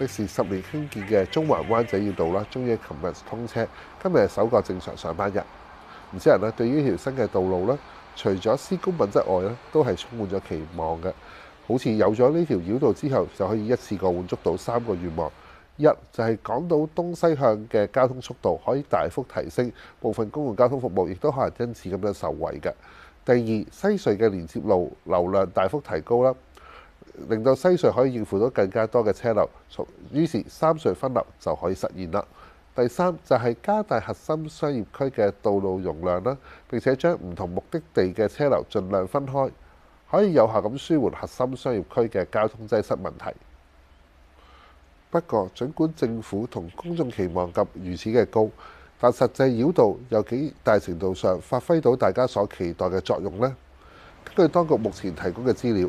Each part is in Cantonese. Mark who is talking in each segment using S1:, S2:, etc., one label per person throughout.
S1: 歷時十年興建嘅中環灣仔繞道啦，終於喺琴日通車，今日係首個正常上班日。唔少人呢，對於呢條新嘅道路，除了施工品質外，都係充滿咗期望嘅。好似有咗呢條繞道之後，就可以一次過滿足到三個願望。一，就係港島東西向嘅交通速度可以大幅提升，部分公共交通服務亦都可能因此咁樣受惠。第二，西隧嘅連接路，流量大幅提高啦。令到西隧可以應付到更加多嘅車流，於是三隧分流就可以實現啦。第三就係、是、加大核心商業區嘅道路容量啦，並且將唔同目的地嘅車流盡量分開，可以有效咁舒緩核心商業區嘅交通擠塞問題。不過，儘管政府同公眾期望咁如此嘅高，但實際繞道有幾大程度上發揮到大家所期待嘅作用呢？根據當局目前提供嘅資料。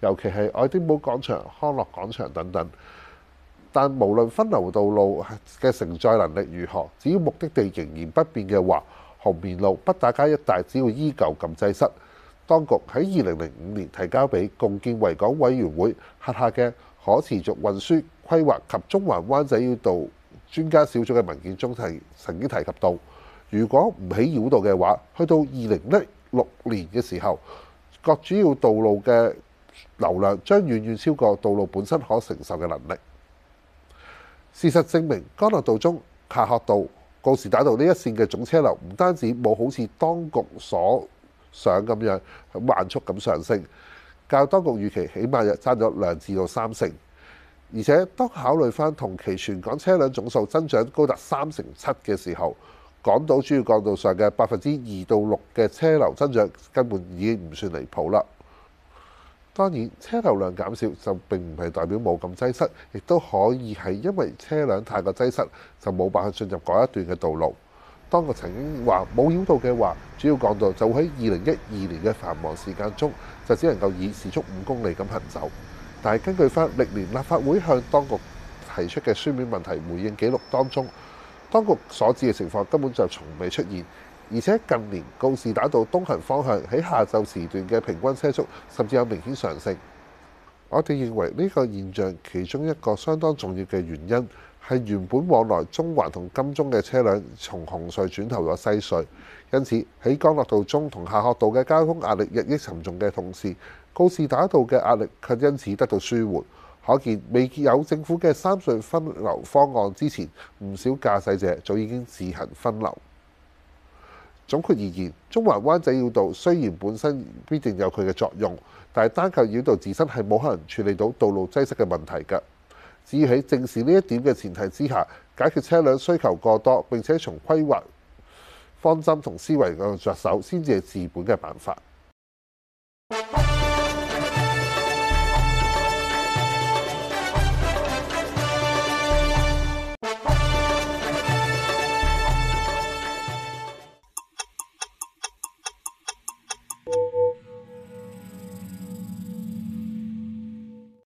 S1: 尤其係愛丁堡廣場、康樂廣場等等，但無論分流道路嘅承載能力如何，只要目的地仍然不變嘅話，紅棉路、北大街一帶只要依舊咁滯塞。當局喺二零零五年提交俾共建維港委員會轄下嘅可持續運輸規劃及中環灣仔繞道專家小組嘅文件中提曾經提及到，如果唔起繞道嘅話，去到二零一六年嘅時候，各主要道路嘅流量將遠遠超過道路本身可承受嘅能力。事實證明，干諾道中、夏慤道、告士打道呢一線嘅總車流，唔單止冇好似當局所想咁樣慢速咁上升，較當局預期起碼又爭咗兩至到三成。而且當考慮翻同期全港車輛總數增長高達三成七嘅時候，港島主要幹道上嘅百分之二到六嘅車流增長，根本已經唔算離譜啦。當然，車流量減少就並唔係代表冇咁擠塞，亦都可以係因為車輛太過擠塞，就冇辦法進入嗰一段嘅道路。當局曾經話冇繞道嘅話，主要講到就會喺二零一二年嘅繁忙時間中，就只能夠以時速五公里咁行走。但係根據翻歷年立法會向當局提出嘅書面問題回應記錄當中，當局所指嘅情況根本就從未出現。而且近年告士打道東行方向喺下晝時段嘅平均車速甚至有明顯上升。我哋認為呢個現象其中一個相當重要嘅原因係原本往來中環同金鐘嘅車輛從紅隧轉投咗西隧。因此喺干諾道中同夏愨道嘅交通壓力日益沉重嘅同時，告士打道嘅壓力卻因此得到舒緩。可見未有政府嘅三隧分流方案之前，唔少駕駛者早已經自行分流。總括而言，中環灣仔繞道雖然本身必定有佢嘅作用，但係單靠繞道自身係冇可能處理到道路擠塞嘅問題㗎。只喺正視呢一點嘅前提之下，解決車輛需求過多，並且從規劃、方針同思維嗰度着手，先至係治本嘅辦法。